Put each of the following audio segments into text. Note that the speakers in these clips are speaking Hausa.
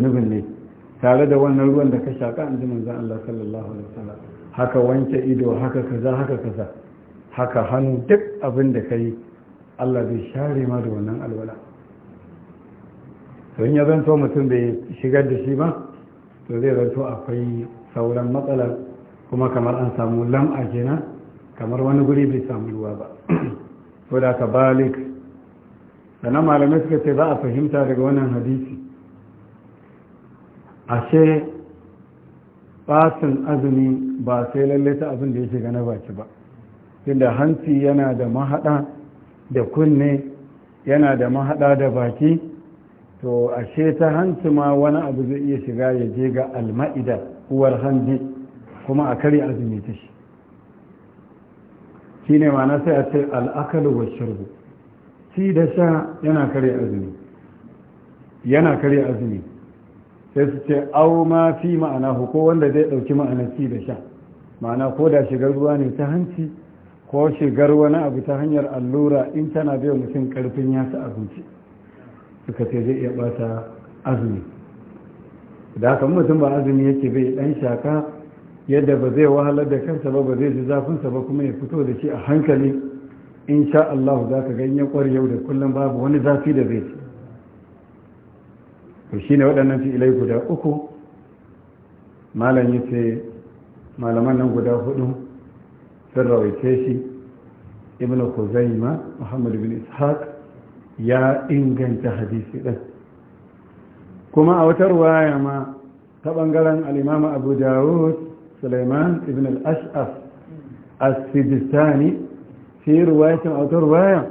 zunubin ne tare da wannan ruwan da ka shaƙa an ji manzan Allah sallallahu alaihi wasallam haka wanke ido haka kaza haka kaza haka hannu duk abin da ka yi Allah zai share ma da wannan alwala to in ya zanto mutum bai shigar da shi ba to zai zanto akwai sauran matsala kuma kamar an samu lam'a kenan kamar wani guri bai samu ruwa ba ko da ka balik sannan malamai suka ce za a fahimta daga wannan hadisi ashe ɓatin azumi ba sai lalle ta abin da ya shiga na baki ba inda hanci yana da mahaɗa da kunne yana da mahaɗa da baki to ashe ta hanci ma wani abu zai iya shiga ya je ga alma'ida uwar hanji kuma a kare azumi ta shi shi ne ma sai a ce al'akalu wa shirgu ci da sha yana kare azumi yana kare azumi sai su ce au ma fi ma'ana ko wanda zai ɗauki ma'ana fi da sha ma'ana ko da shigar ruwa ne ta hanci ko shigar wani abu ta hanyar allura in tana biyan mutum karfin ya sa abinci suka ce zai iya bata azumi da haka mutum ba azumi yake bai ɗan shaka yadda ba zai wahalar da kansa ba ba zai ji zafinsa ba kuma ya fito da shi a hankali in sha Allah za ka ganyen kwar yau da kullum babu wani zafi da zai ci to ne waɗannan fi'ilai guda uku malam ce malaman nan guda hudu sun rawaice shi ibn kuzaima Muhammad bin Ishaq ya inganta hadisi ɗin. kuma a wata ruwaya ma ta ɓangaren al'imama Abu Dawud Suleiman ibn al-Ash'af as fi ruwayatin a wata ruwaya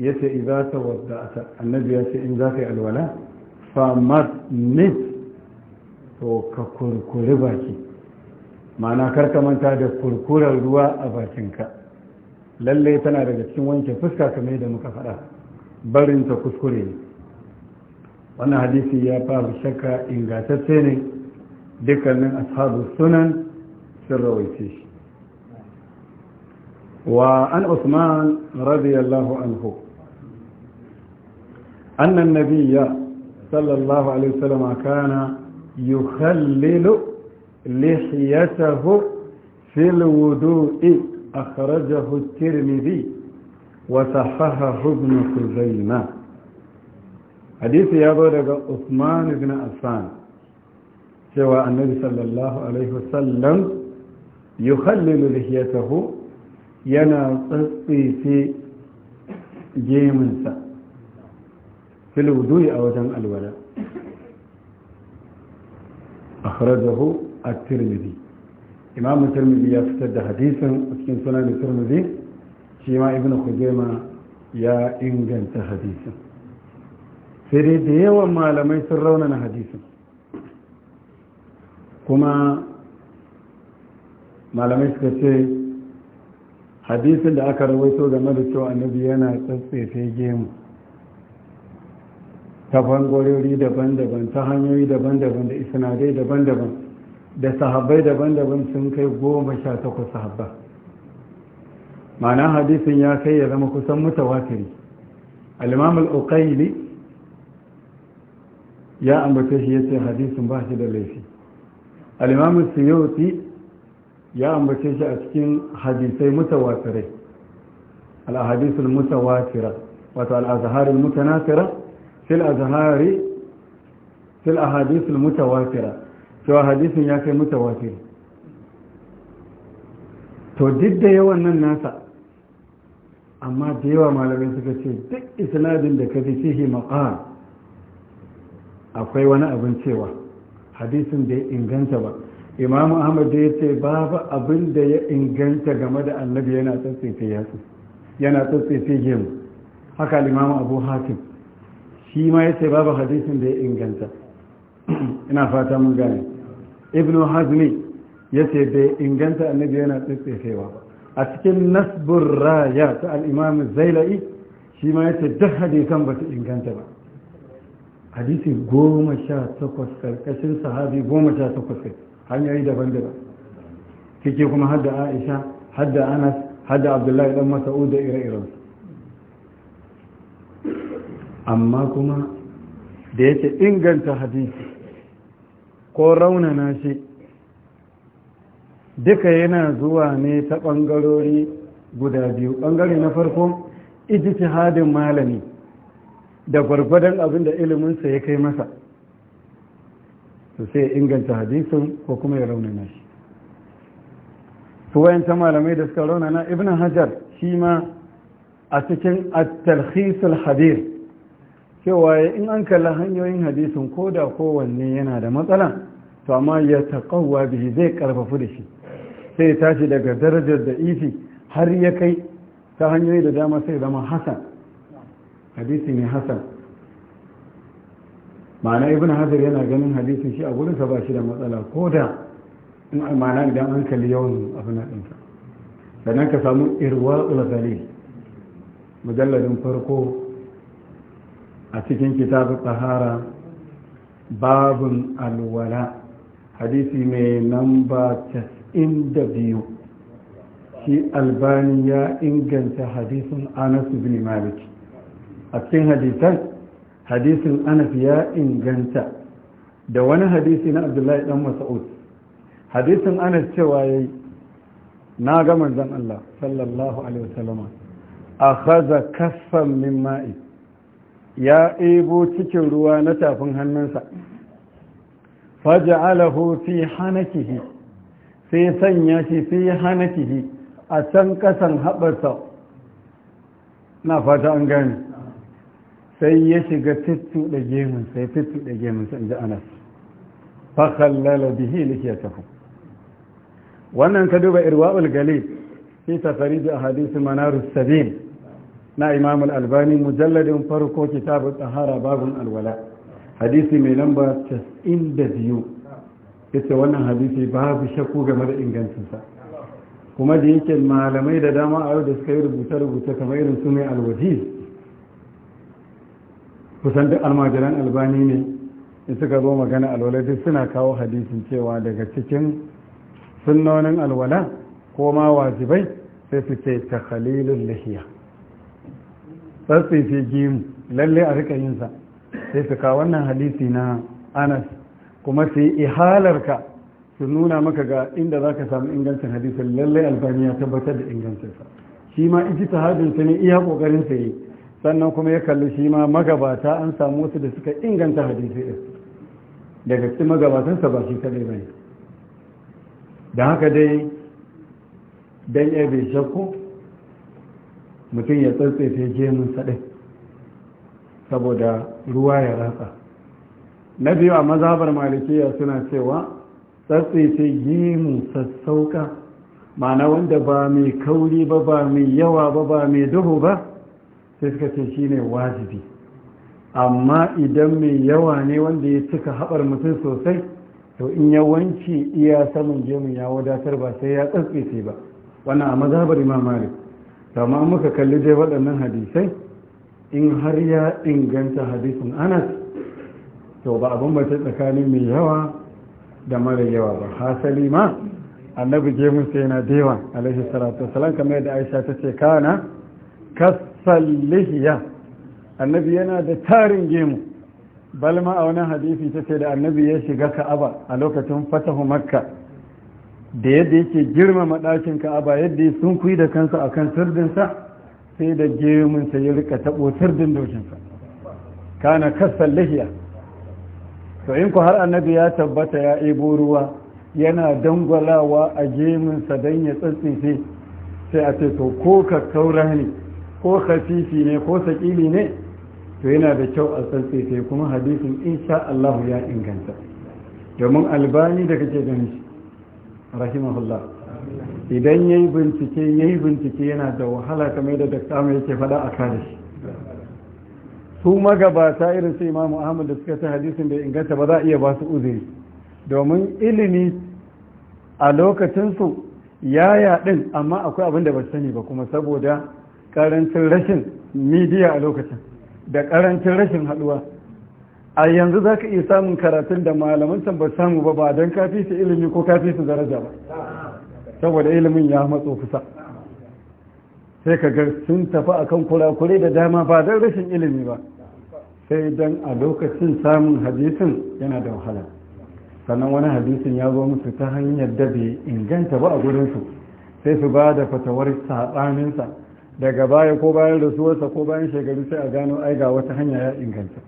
yace idza tawadda'ta annabi yace in zaka alwala famar mis to ka kurkuri baki ma'ana karka manta da kurkurar ruwa a bakinka lalle tana daga cikin wanke fuska kamar da muka faɗa barinta kuskure ne wannan hadisi ya babu shakka ingantacce ne dukkanin ashabu sunan sun rawaice shi wa an usman radiyallahu anhu annan nabiya sallallahu alaihi wasallam kana yukhallilu lihiyatahu fil wudu'i akhrajahu at-tirmidhi wa sahahahu ibn khuzaimah hadisi ya zo daga Usman ibn Affan cewa annabi sallallahu alaihi wasallam yukhallilu lihiyatahu yana tsatsice geminsa fil wudu'i a wajen alwala akhrajahu at-tirmidhi imam tirmidhi ya fitar da hadisin a cikin sunan tirmidhi shi ma ibnu khuzaima ya inganta hadisin sai dai da yawan malamai sun raunana hadisin kuma malamai suka ce hadisin da aka rawaito game da cewa annabi yana tsatsefe gemu ta bangorori daban-daban ta hanyoyi daban-daban da isnadai daban-daban da sahabbai daban-daban sun kai goma sha takwas sahabba ma'ana hadisin ya kai ya zama kusan mutawatiri alimamul imam uqayli ya ambata shi yace hadisin ba shi da laifi alimamul imam suyuti ya ambace shi a cikin hadisai mutawatirai al-ahadith mutawatira wato al-azhar al fil azhari fil ahadith al mutawatira cewa hadisin ya kai mutawatir to duk da yawan nan nasa amma da yawa malamai suka ce duk isnadin da kaji fihi maqam akwai wani abin cewa hadisin bai inganta ba imam ahmad ya ce babu abin da ya inganta game da annabi yana tsatsefe yatsu yana tsatsefe gemu haka limamu abu hatim shi ma ya ce babu hadisin da ya inganta ina fata mun gane ibnu hazmi ya ce bai inganta annabi yana tsitsefewa a cikin nasbur raya ta al'imam zaila'i shi ma ya ce duk hadisan ba su inganta ba hadisi goma sha takwas karkashin sahabi goma sha takwas hanyoyi daban-daban kike kuma hadda aisha hadda anas hadda abdullahi dan masa'ud da ire-irensu amma kuma da yake inganta hadisi ko raunana shi duka yana zuwa ne ta ɓangarori guda biyu ɓangare na farko hadin malami da gwargwadon abinda iliminsa ya kai masa su sai inganta hadisin ko kuma ya raunana shi su wayanta malamai da suka raunana ibn hajar shi ma a cikin at-talkhisul hadith cewa in an kalli hanyoyin hadisin ko da kowanne yana da matsala to amma ya taƙawa bihi zai ƙarfafu da shi sai ya tashi daga darajar da ifi har ya kai ta hanyoyi da dama sai zama hasan hadisi ne hasan ma'ana ibn Hadir yana ganin hadisin shi a gurinsa ba shi da matsala ko da ma'ana idan an kalli yawan abin ɗinsa sannan ka samu irwa ulazali mujalladin farko a cikin kitabu tsahara babin alwala hadisi mai namba 92 shi albani ya inganta hadisun anas bin malik a cikin hadisan hadisun anas ya inganta da wani hadisi na abdullahi dan mas'ud hadisun anas cewa yayi na ga zan Allah sallallahu alaihi wasallama akhadha kaffan min ma'i ya ebo cikin ruwa na tafin hannunsa faja'alahu fi hanakihi sai sanya shi fi hanakihi a can kasan haɓarsa na fata an gani sai ya shiga tuttu da gemun sai tuttu da gemun sai ji anas fakallala bihi likiyatahu wannan ka duba irwa'ul galib fi tafarij ahadith manarus sabil na imam al-albani mujalladin farko kitabu tsahara babun alwala hadisi mai lamba 92 yace wannan hadisi babu shakku game da ingancinsa kuma da yake malamai da dama a yau da suka yi rubuce-rubuce kamar irin su mai alwajiz kusan duk almajiran albani ne in suka zo magana alwala duk suna kawo hadisin cewa daga cikin sunnonin alwala ko ma wajibai sai su ce ta khalilun lahiya tsatsaife gemu lalle a rika yinsa sai su ka wannan hadisi na anas kuma su yi ihalarka su nuna maka ga inda za ka samu ingancin hadisin lalle albani ya tabbatar da ingancinsa shi ma iji ta hajjinsa ne iya kokarin sa yi sannan kuma ya kalli shi ma magabata an samu wasu da suka inganta hadisi ɗin daga cikin sa ba shi kaɗai ba da haka dai dan ya bai shakku mutum ya sai gemun saɗin saboda ruwa ya ratsa na biyu a mazabar malikiya suna cewa sai gemu sassauka ma'ana wanda ba mai kauri ba ba mai yawa ba ba mai duhu ba sai suka ce shi ne wajibi amma idan mai yawa ne wanda ya cika haɓar mutum sosai to in yawanci iya saman gemun ya wadatar ba sai ya sai ba wannan a mazabar imam malik kama muka kalli dai waɗannan hadisai in har ya inganta hadisin anas to ba abin mace tsakanin mai yawa da mara yawa ba hasali ma annabi gemun sai yana dewa alaihi salatu wasalam kamar yadda aisha ta ce kana kasallihiya annabi yana da tarin gemu balma a wani hadisi ta ce da annabi ya shiga ka'aba a lokacin fatahu makka da yadda yake girmama ɗakin ka'aba yadda ya kuyi da kansa akan sirdinsa sai da gemunsa ya rika taɓo sirdin dokinsa kana kasan lahiya to in ku har annabi ya tabbata ya ebo ruwa yana dangwalawa a gemunsa don ya tsantsince sai a ce to ko ka kaura ko kafifi ne ko sakili ne to yana da kyau a tsantsince kuma hadisin insha Allah ya inganta domin albani da kake ganin shi rahimahullah idan ya yi bincike ya yi bincike yana da wahala kamar da dakta mai yake faɗa a kare shi su magabata irin su imamu ahmad da suka ta hadisin da inganta ba za a iya ba su uzuri domin ilimi a lokacinsu ya yaɗin amma akwai abin da ba sani ba kuma saboda ƙarancin rashin midiya a lokacin da ƙarancin rashin haɗuwa a yanzu za ka iya samun karatun da malaman can ba samu ba ba don kafi su ilimi ko kafi su daraja ba saboda ilimin ya matso kusa sai ka ga sun tafi a akan kurakure da dama ba don rashin ilimi ba sai don a lokacin samun hadisin yana da wahala sannan wani hadisin ya zo musu ta hanyar da inganta ba a gurinsu sai su ba da fatawar saɓaninsa daga baya ko bayan rasuwarsa ko bayan shekaru sai a gano ai wata hanya ya inganta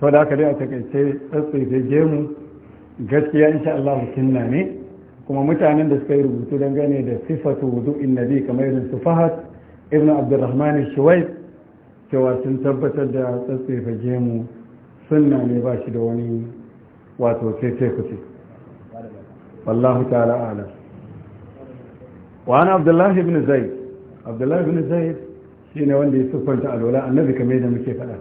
to da haka dai a takaice tsatsaice gemu gaskiya insha Allah sunna ne kuma mutanen da suka yi rubutu dangane da sifatu na nabi kamar irin su Fahad ibn Abdurrahman Shuwaib cewa sun tabbatar da tsatsaice gemu sunna ne ba shi da wani wato sai sai kuce wallahu ta'ala a'lam wa ana Abdullahi ibn Zaid Abdullahi ibn shi shine wanda ya siffanta alwala annabi kamar yadda muke faɗa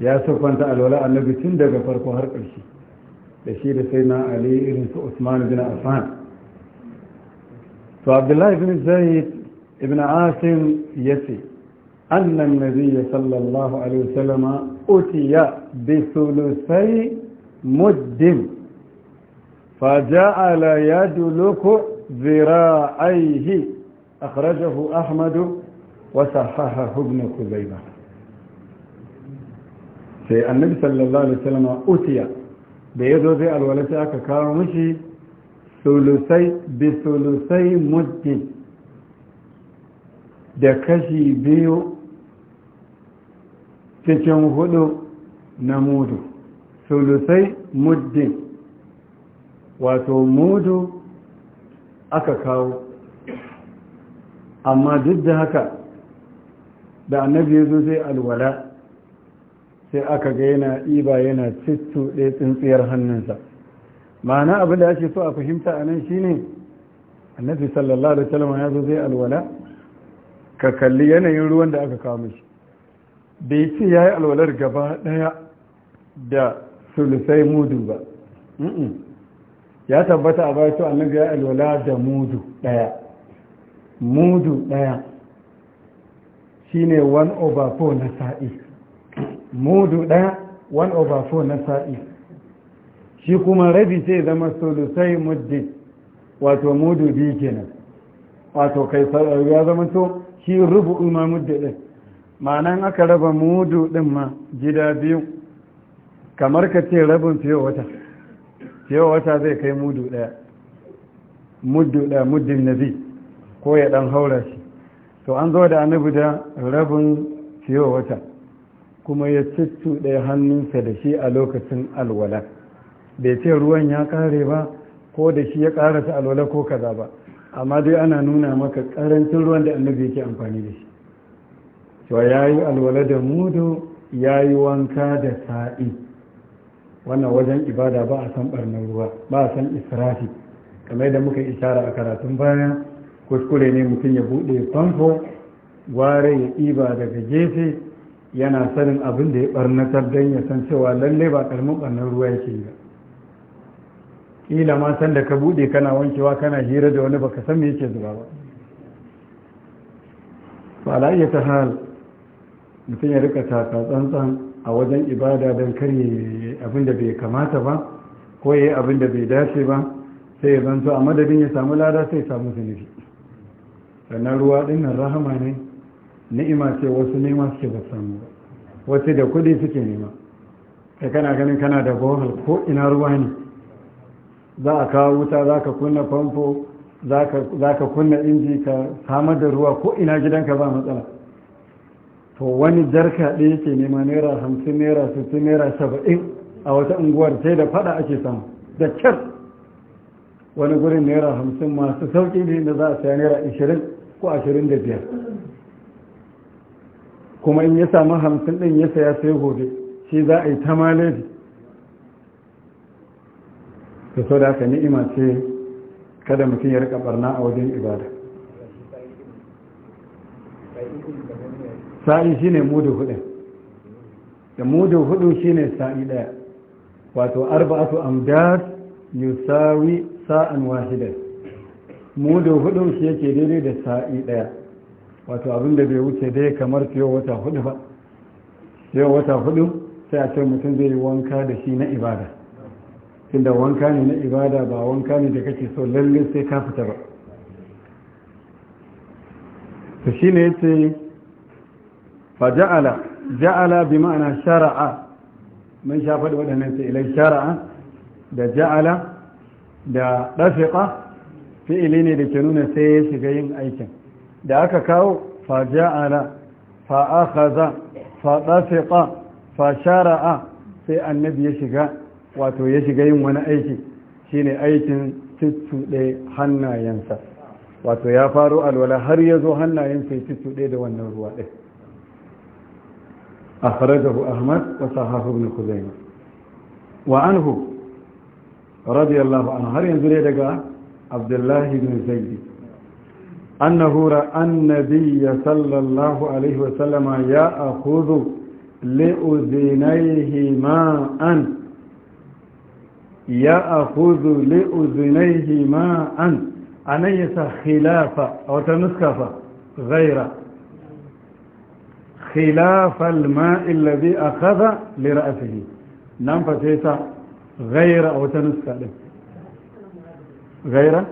ya siffanta alwala annabi tun daga farko har ƙarshe da shi da sai na ali irin su usman bin affan to abdullahi bin zaid ibn asim ya ce annan nabiyya sallallahu alaihi wasallama utiya bi sulusai muddin فجعل يدلك ذراعيه أخرجه أحمد وصححه ابن كذيبه sai annabi sallallahu alaihi wasallam utiya da yazo zai alwala sai aka kawo mishi sulusai bi sulusai muddi da kashi biyu cikin hudu na mudu sulusai muddi wato mudu aka kawo amma duk da haka da annabi yazo zai alwala sai aka ga yana ɗiba yana ɗaya tsintsiyar hannunsa ma'ana abin da ake so a fahimta a nan shine annabi sallallahu alaihi wasallam ya zo zai alwala ka kalli yanayin ruwan da aka kawo mishi bai ce ya yi alwalar gaba ɗaya da sulusai mudu ba ya tabbata a bai bayan annabi ya alwala da mudu ɗaya mudu ɗaya shine 1 over 4 na sa'i mudu ɗaya 1 over 4 na sa'i shi kuma rabi sai zama solusai muddin wato mudu biyu kenan wato kai ya zama to shi rubu ma muddin ɗin ma'anan aka raba mudu ɗin ma gida biyu kamar ka ce rabin fiye wata fiye wata zai kai mudu ɗaya mudu ɗaya muddin bi ko ya ɗan haura shi to an zo da annabi da rabin fiye wata kuma ya ɗaya hannunsa da shi a lokacin alwala bai ce ruwan ya ƙare ba ko da shi ya ƙarasa alwala ko kaza ba amma dai ana nuna maka ƙarancin ruwan da annabi yake amfani da shi cewa ya yi alwala da mudu ya yi wanka da sa'i wannan wajen ibada ba a san ɓarnar ruwa ba a san israfi kamar da muka ishara a karatun baya kuskure ne mutum ya buɗe famfo ware ya ɗiba daga gefe yana sanin abin da ya barnatar don ya san cewa lalle ba karamin barnar ruwa yake yi ba ƙila ma san da ka buɗe kana wankewa kana hira da wani baka san me yake zuba ba ba la iya ta hal mutum ya rika taka tsantsan a wajen ibada don karye abin da bai kamata ba ko ya yi abin da bai dace ba sai ya zanto a madadin ya samu lada sai ya samu zunubi sannan ruwa ɗin rahama ne ni'ima ce wasu nema suke ba samu wasu da kuɗi suke nema kai kana ganin kana da bohol ko ina ruwa ne za a kawo wuta za ka kunna famfo za ka kunna inji ka samar da ruwa ko ina gidanka ba matsala to wani jarka ɗaya yake nema naira hamsin naira sittin naira saba'in a wata unguwar sai da fada ake samu da kyar wani gurin naira hamsin masu sauƙi ne da za a saya naira ashirin ko ashirin da biyar kuma in ya samu hamsin ɗin ya saya sai gobe shi za a yi ta malaji da so da haka ni'ima ce kada mutum ya rika barna a wajen ibada sa'i shi ne mudu hudu da mudu hudu shi ne sa'i ɗaya wato arba'atu amdad yusawi sa'an wahidai mudu hudu shi yake daidai da sa'i ɗaya wato abin da bai wuce dai kamar fiye wata hudu ba fiye wata hudu sai a ce mutum zai yi wanka da shi na ibada inda wanka ne na ibada ba wanka ne da kake so lalle sai ka fita ba to shi ne yace fa ja'ala ja'ala bi ma'ana shara'a mun sha faɗi waɗannan sai ilai shara'a da ja'ala da ɗafiƙa fi'ili ne da ke nuna sai ya shiga yin aikin da aka kawo faja'ala fa'akaza fa'afiƙa fashara'a sai annabi ya shiga wato ya shiga yin wani aiki shine aikin tuttuɗe hannayensa wato ya faru alwala har ya zo hannayensa ya tuttuɗe da wannan ruwa A akhrajahu ahmad wa sahahu ibn khuzaimah wa anhu radiyallahu an har yanzu ne daga abdullahi ibn zaid أنه رأى النبي صلى الله عليه وسلم يأخذ لأذنيه ماء يأخذ لأذنيه ماء أنيس خلاف أو تنسكف غير خلاف الماء الذي أخذ لرأسه نعم فتيسا غير أو تنسكف غير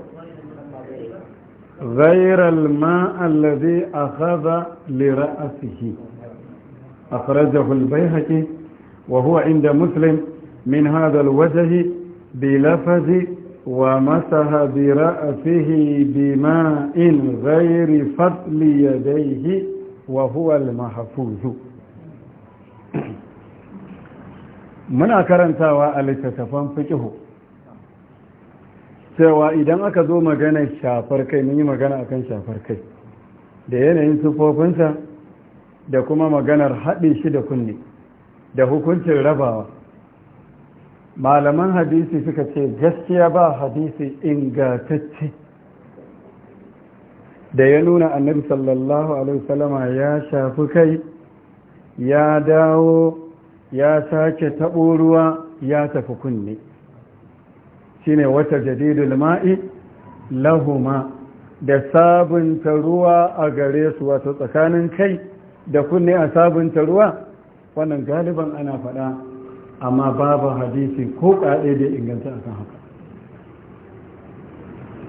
غير الماء الذي أخذ لرأسه أخرجه البيهقي وهو عند مسلم من هذا الوجه بلفظ ومسح برأسه بماء غير فضل يديه وهو المحفوظ من أكرمتها a littattafan cewa idan aka zo magana shafar kai mun yi magana akan shafar kai da yanayin sufofinsa da kuma maganar haɗin shi da kunne da hukuncin rabawa malaman hadisi suka ce gaskiya ba hadisi ingatacce da ya nuna annabi sallallahu alaihi wasallama ya shafi kai ya dawo ya sake taɓo ruwa ya tafi kunne shine wata jadidul ma'i lahuma da sabunta ruwa a gare su wato tsakanin kai da kunne a sabunta ruwa wannan galiban ana faɗa amma babu hadisi ko ƙaɗe da inganta akan haka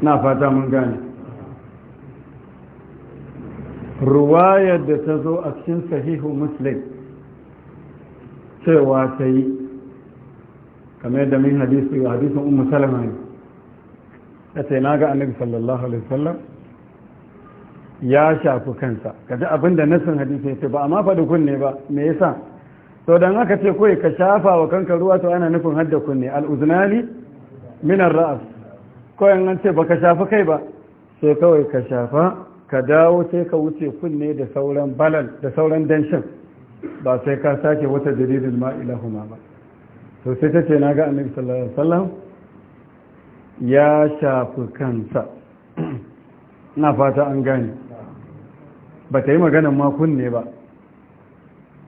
na fata mun gane ruwayar da ta zo a cikin sahihu muslim cewa ta yi kamar yadda mai hadisi wa hadisin ummu salama ne ce na ga annabi sallallahu alaihi wasallam ya shafi kansa kaji abin da nasin hadisi yace ba amma faɗi kunne ba me yasa to dan haka ce koyi ka shafa wa kanka ruwa to ana nufin hadda kunne al'uzunani minar ra'as kawai an ce baka shafi kai ba sai kawai ka shafa ka dawo sai ka wuce kunne da sauran balal da sauran danshin ba sai ka sake wata dalilin ma'ilahuma ba to sai ta ce na ga annabi sallallahu alaihi wasallam ya shafi kansa na fata an gane ba ta yi maganan makon ne ba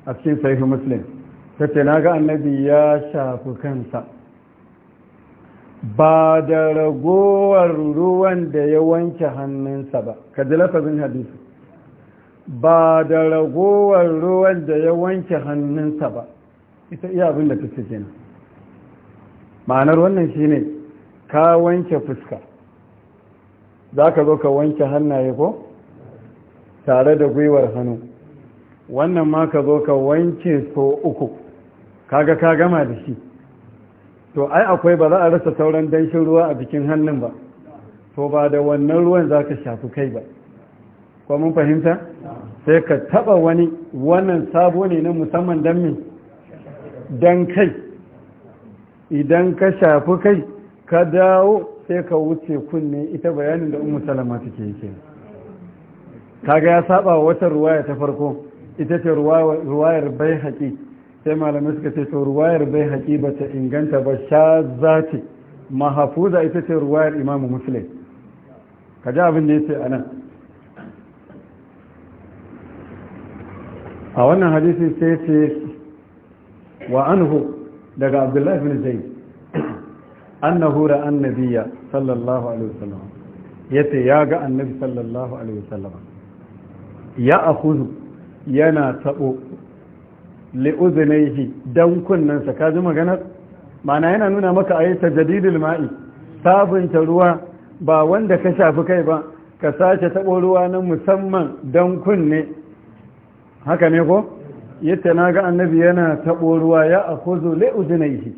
a cikin sahihu muslim ta ce na ga annabi ya shafi kansa ba da ragowar ruwan da ya wanke hannunsa ba ka ji lafazin hadisi ba da ragowar ruwan da ya wanke hannunsa ba ita iya abin da ta ce kenan ma'anar wannan shine ka wanke fuska za ka zo ka wanke hannaye ko tare da gwiwar hannu wannan ma ka zo ka wanke so uku kaga ka gama da shi to ai akwai ba za a rasa sauran danshin ruwa a jikin hannun ba to ba da wannan ruwan za ka shafi kai ba ko mun fahimta sai ka taba wani wannan sabo ne na musamman don kai idan ka shafi kai ka dawo sai ka wuce kunne ita bayanin da umu salama take yake kaga ya saba wata ruwaya ta farko ita ce ruwayar bai haƙi sai malamai suka ce to ruwayar bai haƙi ba ta inganta ba sha zati mahafuza ita ce ruwayar imamu musulai ka ji abin da ya ce a nan a wannan hadisi sai ce wa anhu daga abdullahi bin na annahu ra annabiya sallallahu alaihi wasallam yace ya ga annabi sallallahu alaihi wasallam ya akhudhu yana tabo li don dan kunnansa ka ji maganar mana yana nuna maka ta tajdidul ma'i sabunta ruwa ba wanda ka shafi kai ba ka sace tabo ruwa na musamman dan kunne haka ne ko yadda na ga annabi yana taɓo ruwa ya a kozo udunaihi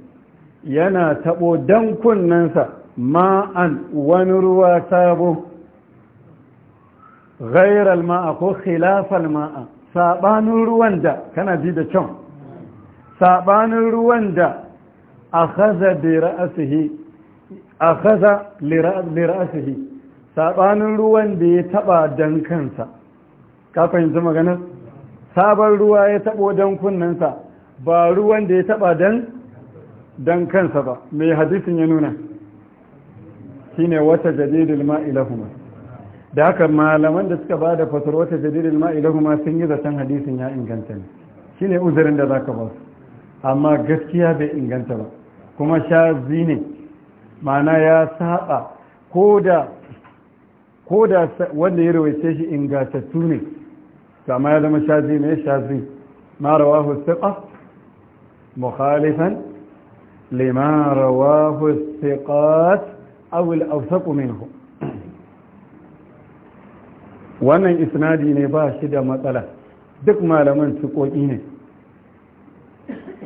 yana taɓo dan kunnansa ma'an wani ruwa sabo ghairal ma'a ko khilafar ma'a saɓanin ruwan da kana ji da can saɓanin ruwan da akhadha bi a akhadha lera ra'sihi saɓanin ruwan da ya taɓa dan kansa kafin zama maganar sabon ruwa ya taɓo don kunnensa ba ruwan da ya taɓa don kansa ba mai hadisin ya nuna Shi ne wata jadidul ma'ilahuma da haka malaman da suka bada fasar wata jadidul ma'ilahuma sun yi zaton hadisin ya inganta ne shi ne uzurin da za ka ba su amma gaskiya bai inganta ba kuma sha zine ma'ana ya saba ko da wanda ya rawaice shi ingatattu ne kama ya zama shazi mai shazi marawa rawahu mukhalifan lima rawahu thiqat aw minhu wannan isnadi ne ba shi da matsala duk malaman tuƙoƙi ne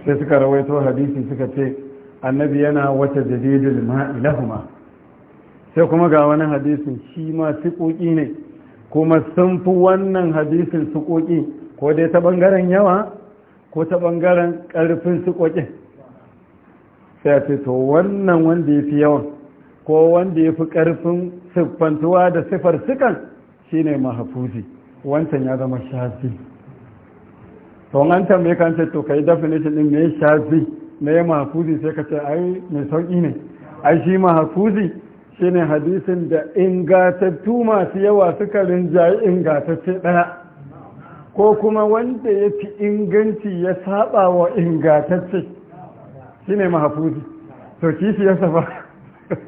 sai suka rawaito hadisi suka ce annabi yana wata jadidul ma'ilahuma sai kuma ga wani hadisin shi ma tuƙoƙi ne kuma sun fi wannan hadisin sukoki ko dai ta bangaren yawa ko ta bangaren ƙarfin sukokin sai ce to wannan wanda ya fi yawan ko wanda ya fi ƙarfin siffantuwa da siffar sukan shine mahafuzi wancan ya zama shafi. to an tambaye kan ce to kai definition din me na me mahafuzi sai ka ce ai mai sauki ne ai shi mahafuzi shine hadisin da ingatattu masu yawa suka rinjaye ingatacce ɗaya ko kuma wanda ya fi inganci ya saba wa ingatacce shine mahafuzi to kishi ya saba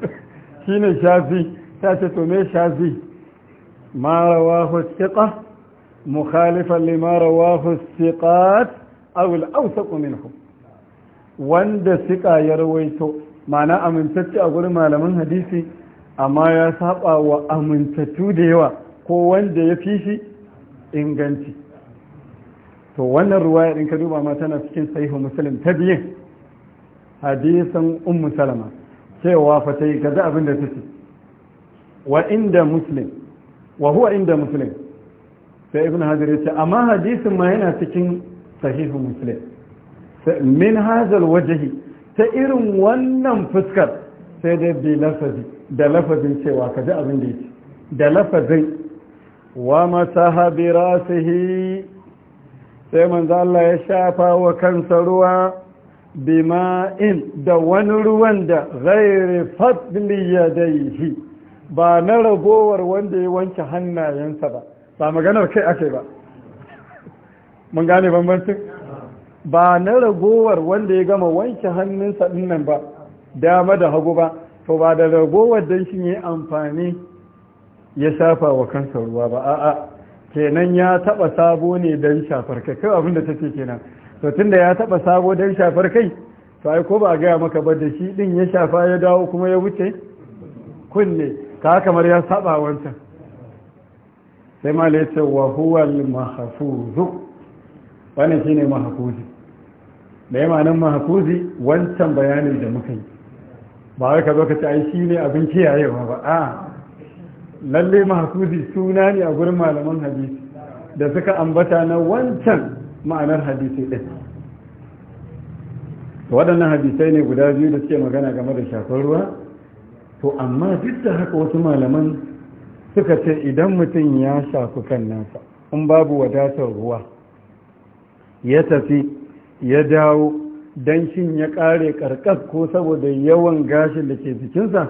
shine shazi ta ce to me shazi marawa hussika mukhalifan lima rawahu thiqat aw al-awsaq wanda suka yarwaito rawaito ma'ana amintacce a gurin malaman hadisi amma ya saba wa amintattu da yawa ko wanda ya fi shi inganci to wannan ruwaya ɗin ka duba ma tana cikin sahihu muslim ta biyin hadisan ummu salama cewa fa yi gaza abin da take wa inda muslim wa huwa inda muslim sai ibn hajar yace amma hadisin ma yana cikin sahihu muslim min hazal wajhi ta irin wannan fuskar sai dai bi lafazi da lafazin cewa ka ji abin da yake da lafazin wa masaha su rasihi sai manzo Allah ya shafa wa kansa ruwa bima'in da wani ruwan da ghairi fadli yadayhi ba na ragowar wanda ya wanke hannayensa ba ba maganar kai ake ba mun gane bambancin ba na ragowar wanda ya gama wanke hannunsa dinnan ba dama da hagu ba to ba da ragowar don shi ne amfani ya shafa wa kansa ruwa ba a'a kenan ya taba sabo ne don shafar kai kai abinda take kenan to tunda ya taba sabo don shafar kai to ai ko ba gaya maka ba da shi din ya shafa ya dawo kuma ya wuce kunne ka kamar ya saba wancan sai ma wa huwa al mahfuzu wannan shine mahfuzi da nan mahfuzi wancan bayanin da muka yi ba wai ka zo ka ce ai shi ne abin kiyayewa ba a lalle mahfuzi suna ne a gurin malaman hadisi da suka ambata na wancan ma'anar hadisi ɗin to waɗannan hadisai ne guda biyu da suke magana game da shafar ruwa to amma duk da haka wasu malaman suka ce idan mutum ya shafi kan nasa in babu wadatar ruwa ya tafi ya dawo shin ya ƙare karkas ko saboda yawan gashin da ke bikinsa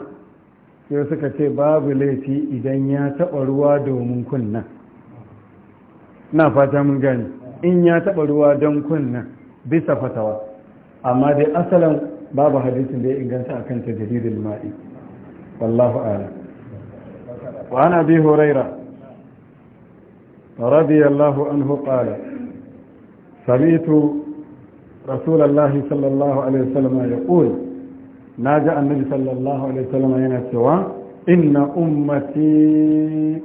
sai suka ce babu laifi idan ya taɓa ruwa domin kunna na fata mun gani in ya taɓa ruwa don kunna bisa fatawa amma dai asalin babu hadisin da ya inganta a kan ma'i wallahu ala wa ana bi huraira radiyallahu anhu qala Sabitu. رسول الله صلى الله عليه وسلم يقول ناجى النبي صلى الله عليه وسلم ينسوا إن أمتي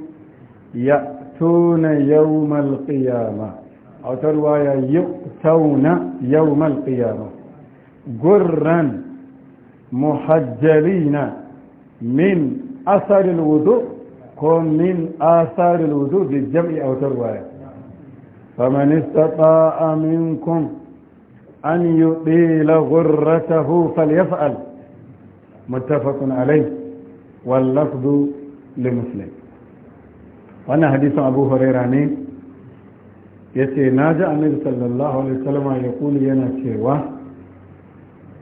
يأتون يوم القيامة أو ترواية يؤتون يوم القيامة قرا محجلين من أثر الوضوء كون من آثار الوضوء بالجمع أو تروايا فمن استطاع منكم an yudila ghurratahu falyaf'al muttafaqun alayh wal lafdhu li muslim wannan hadisin Abu Huraira ne yace naji Annabi sallallahu alaihi wasallam ya kuli yana cewa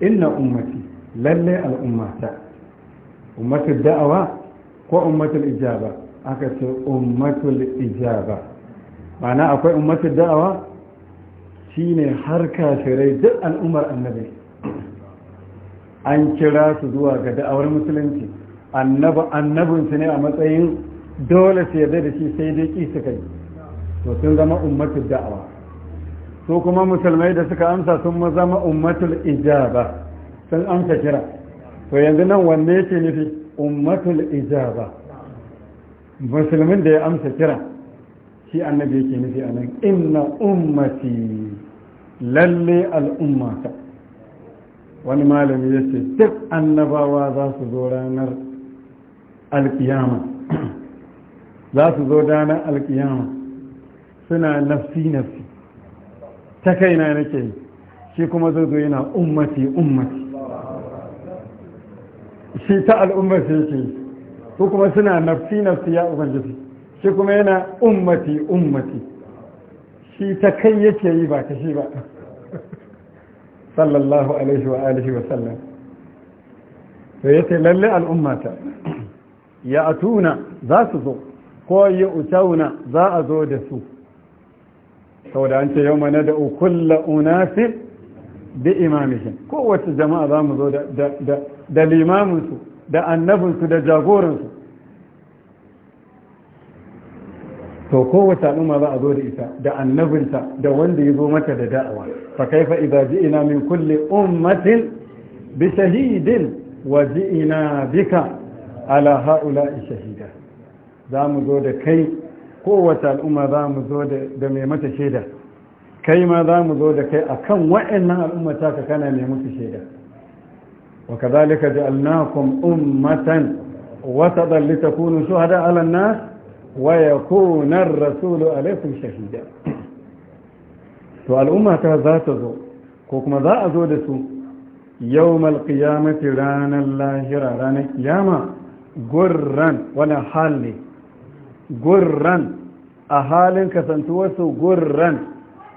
inna ummati lalle al ummata da'awa ko ummatul ijaba aka ce ijaba ma'ana akwai ummatul da'awa Shi ne har kafirai duk al'ummar annabi an kira su zuwa ga da'awar musulunci annabinsu ne a matsayin dole su yarda da shi sai dai ƙi suka yi to sun zama ummatul da'awa su kuma musulmai da suka amsa sun zama ummatul ijaba sun amsa kira to yanzu nan wanne yake nufi ummatul ijaba musulmin da ya amsa kira shi annabi yake nufi a nan inna ummati lalle al'ummata wani malami ya ce duk annabawa za su zo ranar alkiyama za su zo ranar alkiyama suna nafsi nafsi ta kaina nake yi shi kuma zai zo yana ummati ummati shi ta al'ummar sai yake yi ko kuma suna nafsi nafsi ya ubangiji shi kuma yana ummati ummati shi ta kai yake yi ba ta shi ba sallallahu alaihi wa alihi wa sallam to yace lalle al'ummata ya atuna za su zo ko ya utauna za a zo da su da an ce yau mana da ukulla unafi bi imamihim kowace jama'a za mu zo da limaminsu da annabinsu da jagoransu to kowace al'umma za a zo da ita da annabinta da wanda ya zo mata da da'awa فكيف إذا جئنا من كل أمة بشهيد وجئنا بك على هؤلاء شهيدا دام زود كي قوة الأمة دام زود دميمة شهيدا كيما دام زود كي أكم وإن الأمة تاك كان ميمة شهيدا وكذلك جعلناكم أمة وسطا لتكونوا شهداء على الناس ويكون الرسول عليكم شهيدا to al'ummata ta za ta zo ko kuma za a zo da su yau malkiyamati ranar lahira ranar kiyama gurran wani hal ne gurran a halin kasantuwarsu gurran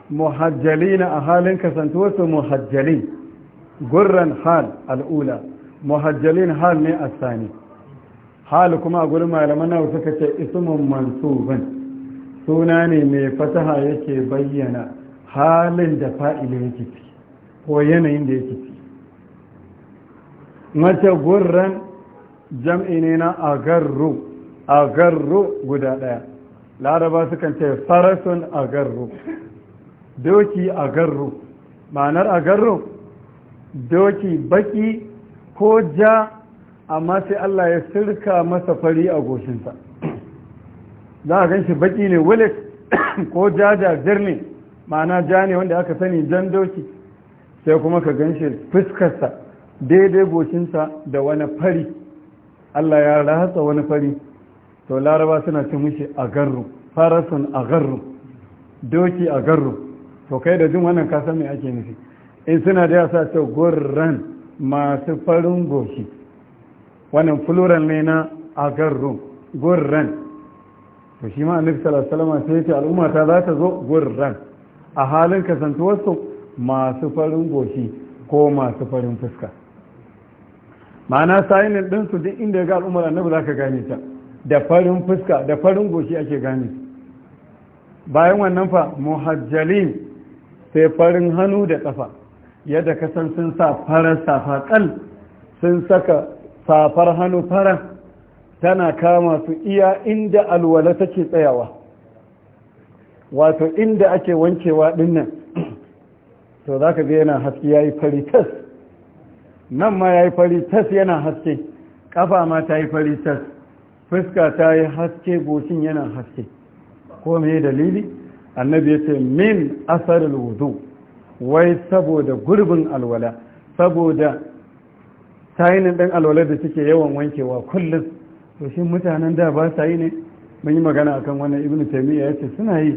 na a halin kasantuwarsu muhajjali gurran hal al'ula muhajjalin hal ne a sani hal kuma a gurin malaman na suka ce ismun mansubin suna ne mai fataha yake bayyana halin da fa'ila ya kifi ko yanayin da ya kifi mace gurren jam'i ne na agarru agarru guda ɗaya laraba sukan ce farasun agarru doki agarru ma'anar agarru doki baki ko ja amma sai Allah ya sirka masa fari a goshinsa za a gan shi baki ne wilik ko jaja birni ma'ana ja ne wanda aka sani jan doki sai kuma ka ganshi fuskarsa daidai goshinsa da wani fari Allah ya ratsa wani fari to laraba suna ce mushi a garru farasun a garru doki a garru to kai da jin wannan ka san me ake nufi in suna da yasa ce gurran masu farin goshi wannan fuluran ne na a garru gurran to shi ma annabi sallallahu alaihi wasallam sai ya ce al'umma ta za ta zo gurran a halin kasantuwarsu masu farin goshi ko masu farin fuska ma'ana sayanin ɗinsu duk inda ya ga al'ummar annabi za ka gane ta da farin fuska da farin goshi ake gane bayan wannan fa muhajjalin sai farin hannu da ƙafa yadda ka san sun sa farar safaƙal sun saka safar hannu fara tana kama su iya inda alwala take tsayawa wato inda ake wankewa dinnan to za ka ga yana haske ya yi fari tas nan ma ya yi fari tas yana haske kafa ma ta yi fari tas fuska ta yi haske goshin yana haske ko me dalili annabi ya ce min asarul wudu wai saboda gurbin alwala saboda sayinin ɗin alwala da suke yawan wankewa kullum to shi mutanen da ba sa yi ne mun yi magana akan wannan ibnu taymiya yace suna yi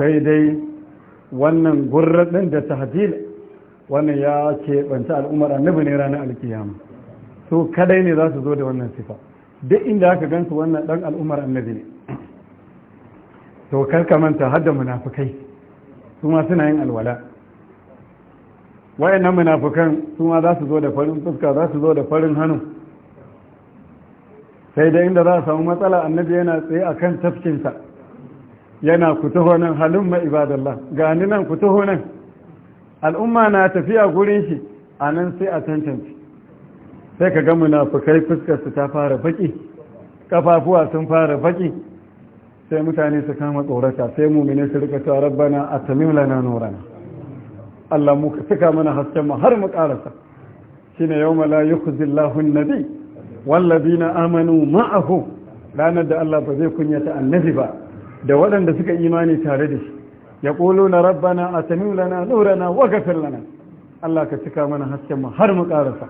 sai dai wannan gurraɗin da ta tahajil wannan ya ce keɓanta al'ummar annabi ne ranar alkiyama so kadai ne za su zo da wannan sifa duk inda aka gansu wannan ɗan al'ummar annabi ne to karka manta har da munafukai su ma suna yin alwala wayannan munafukan su ma za su zo da farin fuska za su zo da farin hannu sai dai inda za a samu matsala annabi yana tsaye a kan tafkinsa yana ku taho nan halumma ibadallah gani nan ku nan al'umma na tafiya gurin shi a nan sai a tantance sai ka ga munafukai fuskarsu ta fara baki kafafuwa sun fara baki sai mutane su kama tsorata sai mumine su rika cewa rabbana atamim lana nurana Allah mu saka mana hasken mu har mu karasa shine yawma la yukhzi an-nabi wal ladina amanu ma'ahu ranar da Allah ba zai kunyata annabi ba da waɗanda suka imani tare da shi ya ƙolo na rabbana a sami lana laurana na gafir lana Allah ka cika mana hasken mu har mu ƙarasa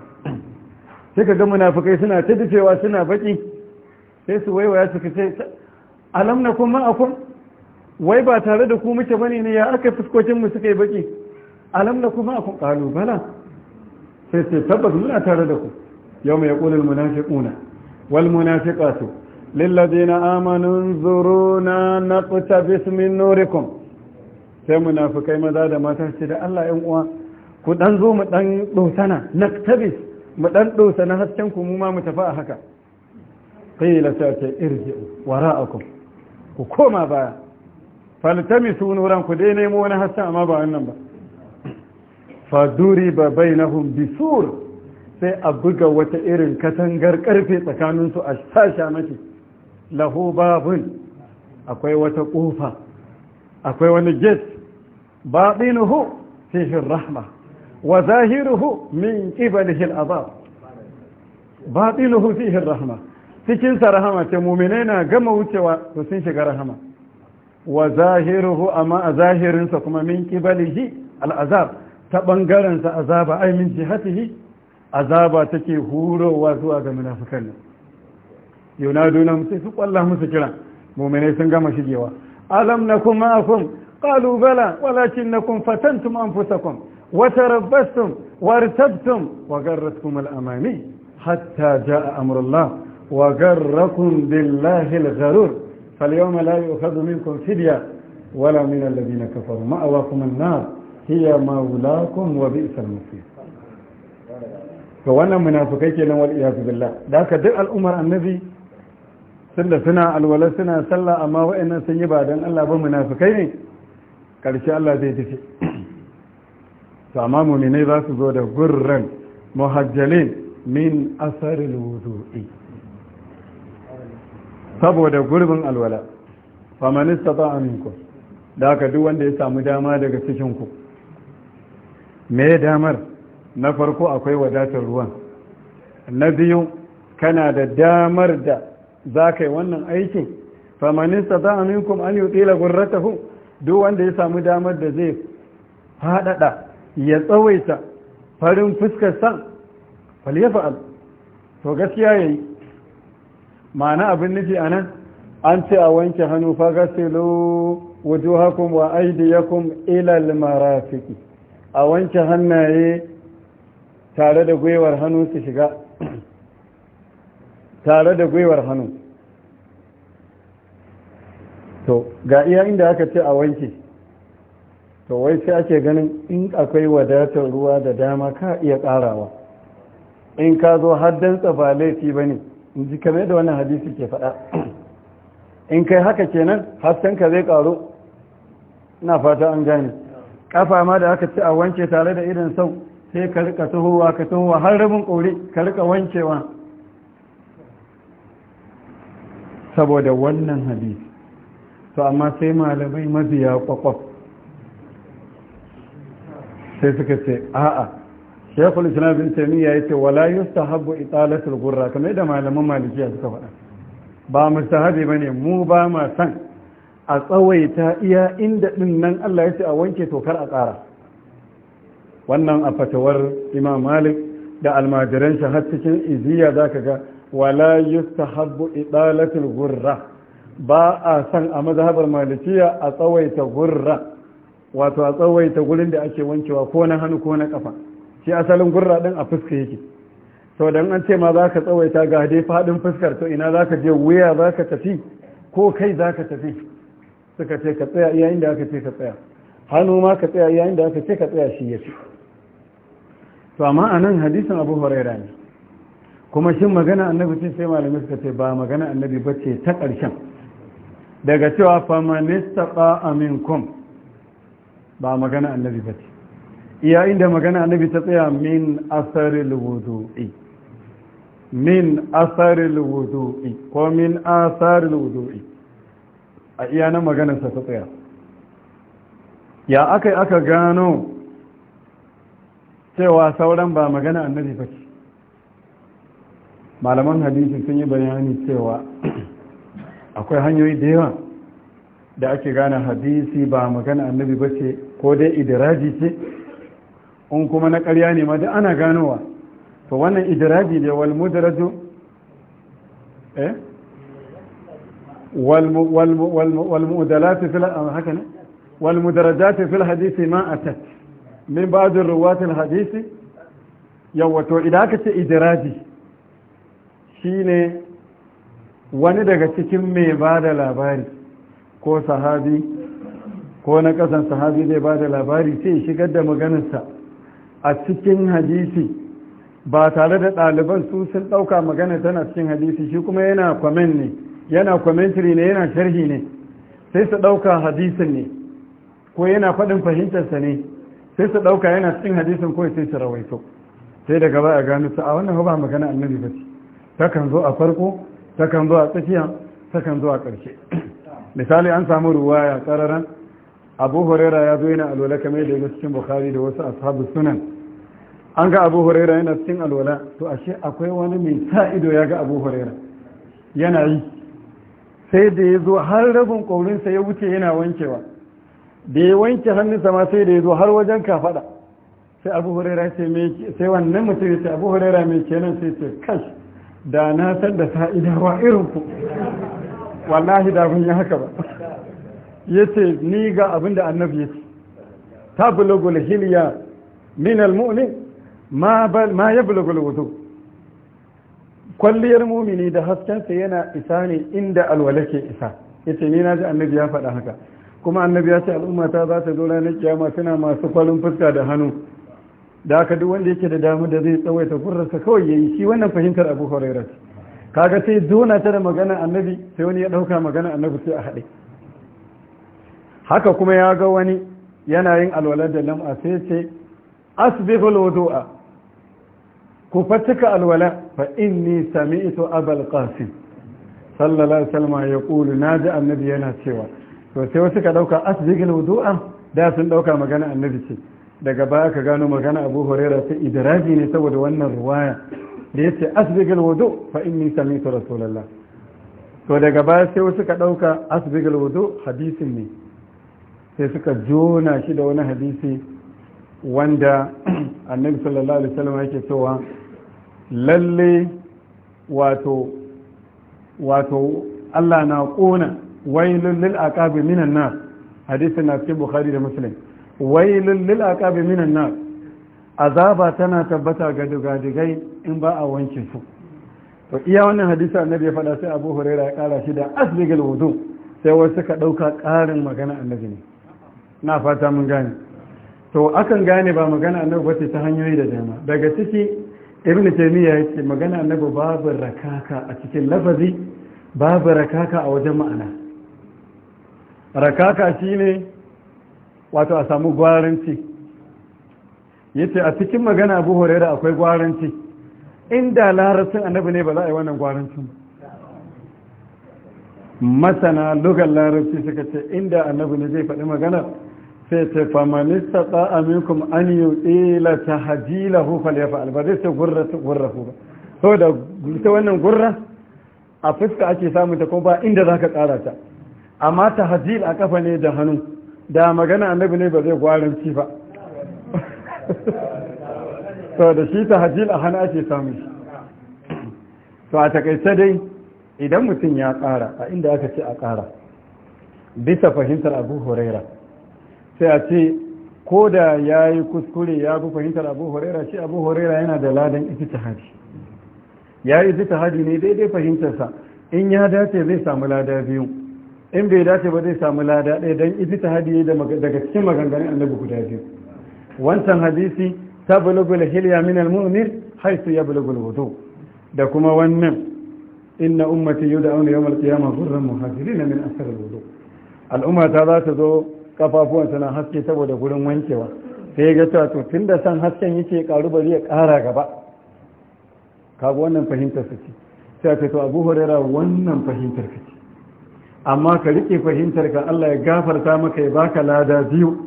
sai ka ga munafukai suna ta dufewa suna baƙi sai su waiwaya suka ce alam na kuma kun wai ba tare da ku muke bane ne ya aka fuskocin mu suka yi baƙi alam na kuma akum ƙalu bala sai sai tabbas muna tare da ku yau mai ya ƙolin munafiquna wal munafiqatu للذين آمنوا انظرونا نقتبس من نوركم sai munafikai maza da mata ce da Allah ‘yan uwa ku ɗan zo mu ɗan ɗosana naktabis mu ɗan ɗosana hasken ku mu ma mu tafi a haka qila sai ce irji'u wara'akum ku koma baya faltamisu nuran ku dai nemo wani hasken amma ba wannan ba faduri ba bainahum bisur sai a buga wata irin katangar karfe tsakaninsu a sasha mace lahu babun akwai wata kufa akwai wani gate baɗinuhu fihin rahma wa zahiruhu min ƙibalihin azab baɗinuhu fihin rahma cikinsa rahama ce muminai na gama wucewa to sun shiga rahama wa zahiruhu amma a zahirinsa kuma min ƙibalihi al'azab ta ɓangarensa azaba ai min jihatihi azaba take hurowa zuwa ga munafukan nan yunaduna sai su kwalla musu kira mu'minai sun gama shigewa alam nakum ma'akum qalu bala walakinnakum fatantum anfusakum وتربستم وارتبتم وغرتكم الأماني حتى جاء أمر الله وغركم بالله الغرور فاليوم لا يؤخذ منكم فدية ولا من الذين كفروا مأواكم النار هي مولاكم وبئس المصير فوانا منافقين والإياذ بالله ذاك دع الأمر النبي tunda suna alwala suna sallah amma wa'annan sun yi ba don Allah ba munafikai ne karshe Allah zai tafi to amma mu'minai za su zo da gurran muhajjalin min asarin wudu'i saboda gurbin alwala faman istata aminku da aka duk wanda ya samu dama daga cikinku. me damar na farko akwai wadatar ruwan na biyu kana da damar da za ka yi wannan aikin famanista za a minkum an yi tsila hu duk wanda ya samu damar da zai faɗaɗa ya tsawaita farin fuskar san falyafa'al to gaskiya ya yi. ma'ana abin nufi a nan an ce a wanke hannu wajo hakun wa ilal mara almarafiqi a wanke hannaye tare da gwiwar hannu su shiga tare da gwiwar hannu to ga iya inda aka ce a wanke to wai sai ake ganin in akwai wadatar ruwa da dama ka iya karawa in ka zo haddansa ba laifi ba ne in ji kame da wannan hadisi ke faɗa in kai haka kenan ka zai karu na fata an gane kafa ma da aka ce a wanke tare da irin sau sai ka rika tahowa ka tuhuwa har rabin ƙori ka rika wancewa saboda wannan hadisi to amma sai malamai ya kwakwaf sai suka ce a'a shekul islam bin taimiyya ya ce wala yustahabbu italatul gurra kamar da malaman malikiya suka faɗa ba ba ne mu ba ma san a tsawaita iya inda ɗin nan Allah ya ce a wanke tokar a tsara wannan a fatawar imam malik da almajiran shi har cikin iziya za ka ga wala yustahabbu idalatul gurra ba a san a mazhabar malikiya a tsawaita gurra wato a tsawaita gurin da ake wankewa ko na hannu ko na kafa shi asalin gurra din a fuska yake to dan an ce ma za ka tsawaita ga dai fadin fuskar to ina za ka je wuya za ka tafi ko kai za ka tafi suka ce ka tsaya iya inda aka ce ka tsaya hannu ma ka tsaya iya inda aka ce ka tsaya shi ya fi to amma anan hadisin abu hurairah ne kuma shin magana annabi ce sai malamai suka ce ba magana annabi ba ce ta ƙarshen daga cewa famanista aminkum ba magana annabi ba ce iya inda magana annabi ta tsaya min asaril wudu'i min asaril wudu'i ko min asaril wudu'i a iya nan maganarsa ta tsaya ya aka aka gano cewa sauran ba magana annabi ba ce malaman hadisi sun yi bayani cewa akwai hanyoyi da yawa da ake gane hadisi ba magana annabi ba ce ko dai idiraji ce in kuma na ƙarya ne ma da ana ganowa to wannan idiraji ne wal mudraju eh wal wal mudalati fil haka ne wal fil hadisi ma atat min ba'd ruwat al hadisi yawa to idan aka ce idiraji shine wani daga cikin mai ba da labari ko sahabi ko na kasan sahabi zai ba da labari sai shigar da maganarsa a cikin hadisi ba tare da ɗaliban su sun ɗauka magana tana cikin hadisi shi kuma yana kwamen ne yana kwamentiri ne yana sharhi ne sai su ɗauka hadisin ne ko yana faɗin fahimtarsa ne sai su ɗauka yana cikin hadisin ko sai su rawaito sai daga ba a gano su a wannan ba magana annabi ba ce takan zo a farko takan zo a tsakiya takan zo a ƙarshe misali an samu ruwaya tsararan abu huraira ya zo yana alwala kamar da cikin bukari da wasu ashabu sunan an ga abu huraira yana cikin alwala to ashe akwai wani mai sa ido ya ga abu huraira yana yi sai da ya zo har rabin ƙaurinsa ya wuce yana wankewa da ya wanke hannunsa ma sai da ya zo har wajen kafaɗa sai abu huraira sai wannan mutum ya ce abu huraira mai kenan sai ce kashi da na san da sa'idawa irinku wallahi da mun yi haka ba ya ce ni ga abinda da annabi ya ta bulagul hiliya min almu'min ma ya bulagul wudu kwalliyar mumini da haskensa yana isa ne inda alwala ke isa ya ce ni na ji annabi ya faɗa haka kuma annabi ya ce al'ummata za ta zo ranar kiyama suna masu kwalin fuska da hannu da haka duk wanda yake da damu da zai tsawaita furrarsa kawai yayi shi wannan fahimtar abu hurairah kaga sai zona ta da magana annabi sai wani ya dauka magana annabi sai a haɗe haka kuma ya ga wani yana yin alwala da lam'a sai ce asbihul wudu'a ku fatika alwala fa inni sami'tu abul qasim sallallahu alaihi wasallam ya kulu naji annabi yana cewa to sai wasu ka dauka asbihul wudu'a da sun dauka magana annabi ce daga baya ka gano magana abu horera sai idiraji ne saboda wannan ruwaya da ya ce asibigil wudu fa inni su rasulallah to daga baya sai wasu ka dauka asibigil wudu hadisin ne sai suka jona shi da wani hadisi wanda annabi sallallahu alaihi wasallam yake cewa lalle wato wato Allah na kona wailul lil aqabi minan nas hadisin na cikin bukhari da muslim wailul lil aqabi minan nar azaba tana tabbata ga dugadigai in ba a wanke su to iya wannan hadisi annabi ya faɗa sai Abu huraira ya ƙara shi da asligal wudu sai wasu suka ɗauka ƙarin magana annabi ne na fata mun gane to akan gane ba magana annabi ba ta hanyoyi da dama daga ciki ibn taymiya ya ce magana annabi babu rakaka a cikin lafazi babu rakaka a wajen ma'ana rakaka shine wato a samu gwaranci yace a cikin magana Abu da akwai gwaranci inda larabcin annabi ne ba za a yi wannan gwarancin masana lugar larabci suka ce inda annabi ne zai faɗi magana sai ce famanista tsa'a minkum an yi ila ta haji hufal ya fa'al ba zai ce gurra gurra ba sau da ta wannan gurra a fuska ake samun ta kuma ba inda za ka tsara ta amma ta haji a kafa ne da hannu da magana annabi ne ba zai gwaranci ba to da shi ta hajjil a hana ake samun shi to a takaice dai idan mutum ya ƙara a inda aka ce a ƙara bisa fahimtar abu huraira sai a ce ko da ya yi kuskure ya bu fahimtar abu huraira shi abu huraira yana da ladan ita hadi ya yi ita hadi ne daidai fahimtarsa in ya dace zai samu lada biyu in bai dace ba zai samu lada ɗaya don ita ta hadiye daga cikin maganganun annabi guda biyu wancan hadisi ta bulugul hilya min almu'min haisu ya bulugul hoto da kuma wannan inna ummati yud'auna yawm al-qiyamah ghurran na min asar al al'umma ta za ta zo kafafuwan tana haske saboda gurin wankewa sai ga cewa to tun da san hasken yake karu ba zai ƙara gaba kaga wannan fahimtar su ce sai ka to abu hurairah wannan fahimtar ka ce amma ka rike fahimtar ka Allah ya gafarta maka ya baka lada biyu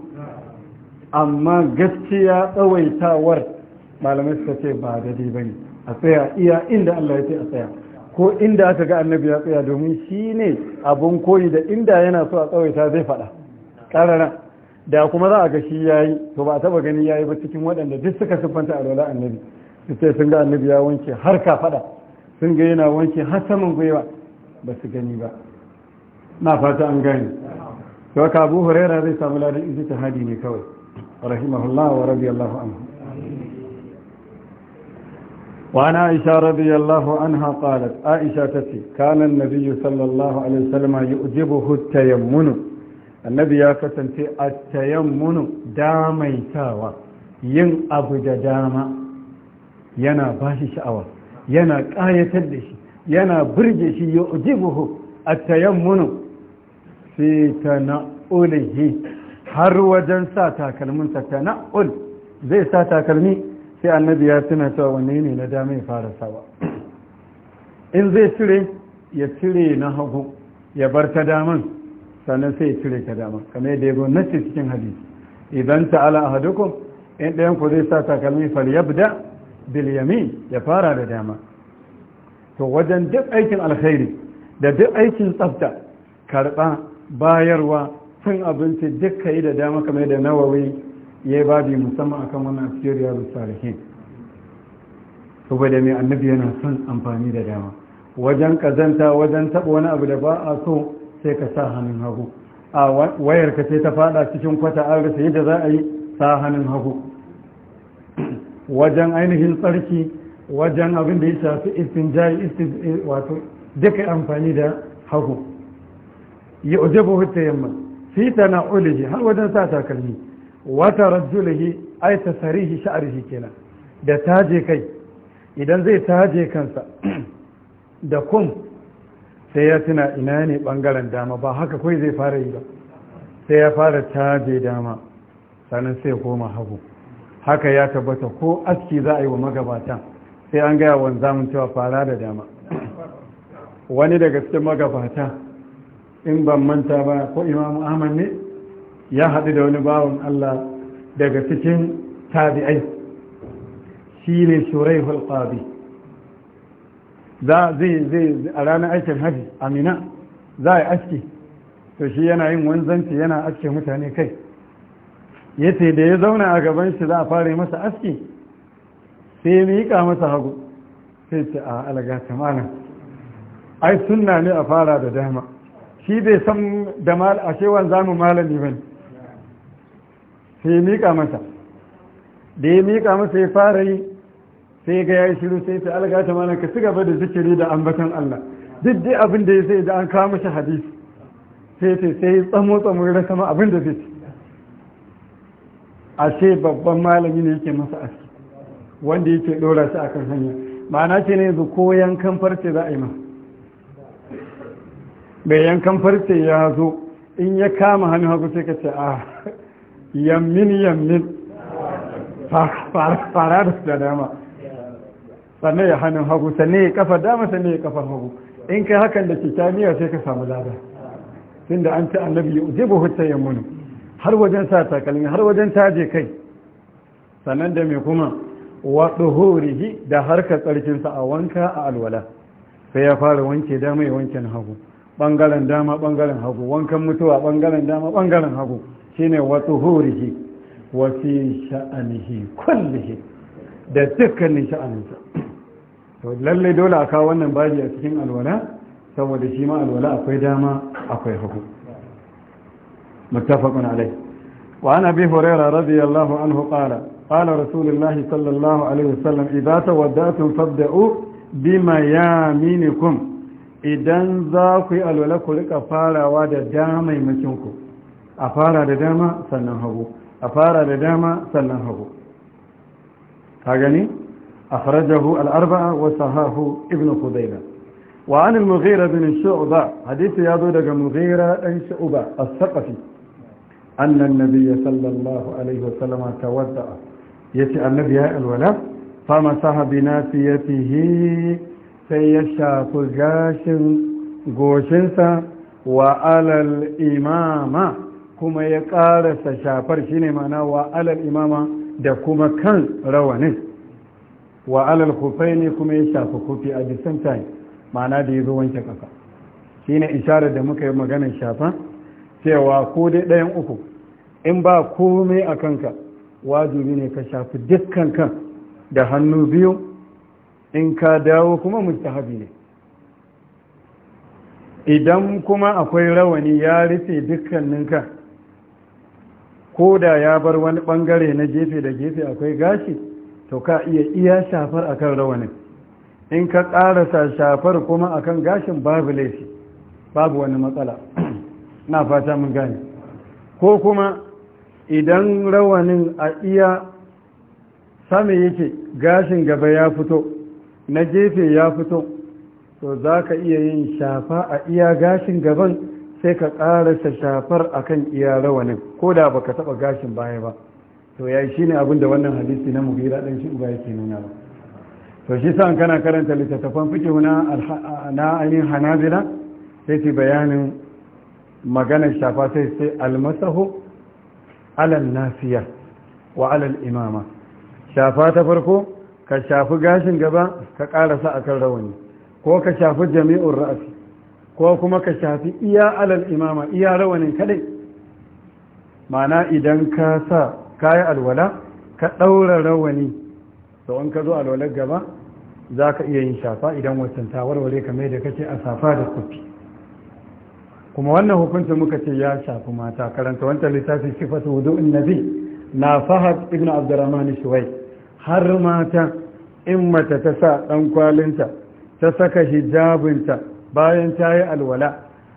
amma gaskiya tsawaitawar malamai suka ce ba dai bane a tsaya iya inda Allah ya ce a tsaya ko inda aka ga annabi ya tsaya domin shi ne abun koyi da inda yana so a tsawaita zai faɗa ƙarara da kuma za a ga shi yayi yi to ba a taba gani yayi yi ba cikin waɗanda duk suka siffanta alwala annabi su ce sun ga annabi ya wanke har ka faɗa sun ga yana wanke har saman gwiwa ba su gani ba na fata an gani yau ka abu zai samu ladan ijita hadi ne kawai rahimahullah wa radiyallahu anhu وعن عائشة رضي الله عنها قالت عائشة تتي كان النبي صلى الله عليه وسلم يؤجبه التيمن النبي يا فتنتي التيمن داميتاوى ين أبو داما ينا باشي شعوى ينا قاية لشي ينا برجشي يؤجبه التيمن fi na'ulihi har wajen sa takalminsa na'ul zai sa takalmi sai annabi ya tuna cewa wanne ne na dama fara sawa in zai cire ya cire na hagu ya bar ta daman sannan sai ya cire ta dama kamar yadda ya na ce cikin hadisi idan ta'ala hadukun in ɗayan ku zai sa takalmi falyabda bil yamin ya fara da dama to wajen duk aikin alkhairi da duk aikin tsafta karɓa bayarwa cin abinci duk yi da dama kamar da nawawi ya yi babi musamman akan wannan asiri ya salihin saboda mai annabi yana son amfani da dama wajen kazanta wajen taɓa wani abu da ba a so sai ka sa hannun hagu a wayar ka sai ta fada cikin kwata an rasa yadda za a yi sa hannun hagu wajen ainihin tsarki wajen abin da ya shafi istin eh, wato duka amfani da hagu ya ujabu hutta yamma fi na ulihi har wajen sa takalmi wata rajulihi ai ta sarihi sha'arihi kenan da taje kai idan zai taje kansa da kun sai ya tuna ina ne bangaren dama ba haka kawai zai fara yi ba sai ya fara taje dama sannan sai koma hagu haka ya tabbata ko aski za a yi wa magabatan sai an gaya wanzamin cewa fara da dama wani daga cikin magabata in ban manta ba ko imamu ahmad ne ya haɗu da wani bawan allah daga cikin tabi'ai shi ne shurai hulƙabi a ranar aikin haji amina za a yi aski to shi yana yin wanzanci yana aske mutane kai ya ce da ya zauna a gaban shi za a fara masa aski sai ya miƙa masa hagu sai ce a alaga kamalan ai sunna ne a fara da dama shi bai san da mal a zamu malami bane sai miƙa masa da ya miƙa masa ya fara yi sai ga ya shiru sai ta alga ta malam ka cigaba da zikiri da ambatan Allah duk dai abin da ya sai da an kawo masa hadisi sai ta sai tsamo tsamo ya sama abin da zai ashe babban malami ne yake masa aski wanda yake dora shi akan hanya ma'ana ce ne yanzu ko yankan farce za a yi masa mai yankan farce ya zo in ya kama hannun hagu sai ka ce a ah, yammin yammin fara da su dama sannan ya hannun hagu sannan ya kafa dama sannan ya kafa hagu in kai hakan da kitaniya sai ka samu lada tun da an ci annabi ya uje ba hutta ya har wajen sa takalmi har wajen taje kai sannan da mai kuma waɗo tsohorihi da harkar tsarkinsa a wanka a alwala sai ya fara wanke dama ya wanke na hagu bangaren dama bangaren hagu wankan mutuwa bangaren dama bangaren hagu shine wa hurihi wa fi sha'anihi kullihi da dukkanin sha'aninsa to lalle dole a kawo wannan baji a cikin alwala saboda shi ma alwala akwai dama akwai hagu muttafaqun alai wa ana bi hurera radiyallahu anhu qala qala rasulullahi sallallahu alaihi wasallam idza tawaddatum fabda'u bima yaminikum idan za ku yi alwala ku rika farawa da damaimacinku a fara da dama sannan hagu a fara da dama sannan hagu ka gani a farajahu al'arba'a wasu sahahu ibn kudaila wa an al-mughira bin shu'ba hadisi ya zo daga muhira ɗan shu'ba as-saqafi anna an-nabiy sallallahu alaihi wa sallam tawadda yace annabi ya alwala Fama fa masaha fiye nasiyatihi sai ya shafi gashin goshinsa wa alal imama kuma ya karasa shafar shine mana wa alal imama da kuma kan rawanin wa alal kufai ne kuma ya shafi kufi a the time mana da ya zo wanke shi shine isharar da muka yi maganar shafa cewa ko dai ɗayan uku in ba komai a kanka wajibi ne ka shafi dukkan kan da hannu biyu in ka dawo kuma mustahabi ne idan kuma akwai rawani ya rufe dukkaninka ko da ya bar wani bangare na gefe da gefe akwai gashi to ka iya iya shafar akan rawanin in ka ƙarasa shafar kuma akan gashin babu laifi babu wani matsala na fata mun gane ko kuma idan rawanin a iya same yake gashin gaba ya fito na gefe ya fito to za ka iya yin shafa a iya gashin gaban sai ka ƙarasa shafar a kan iya rawanin ko da ba ka taɓa gashin baya ba to ya shi ne abin da wannan hadisi na mugira ɗan shi uba yake nuna ba to shi sa kana karanta littattafan fikihu na ainihin hanabila sai ce bayanin maganar shafa sai sai almasahu alal nafiya wa alal imama shafa ta farko ka shafi gashin gaba ka karasa akan rawani ko ka shafi jami'un ra'asi ko kuma ka shafi iya alal imama iya rawanin kadai mana idan ka sa kayi alwala ka ɗaura rawani da wani ka zo alwalar gaba za ka iya yin shafa idan wancan tawarware ka mai da kace a safa da kufi kuma wannan hukuncin muka ce ya shafi mata karanta wancan littafin sifatu wudu'un nabi na fahad ibn abdurrahman shuwai har mata in mace ta sa ɗan kwalinta ta saka hijabinta bayan ta yi alwala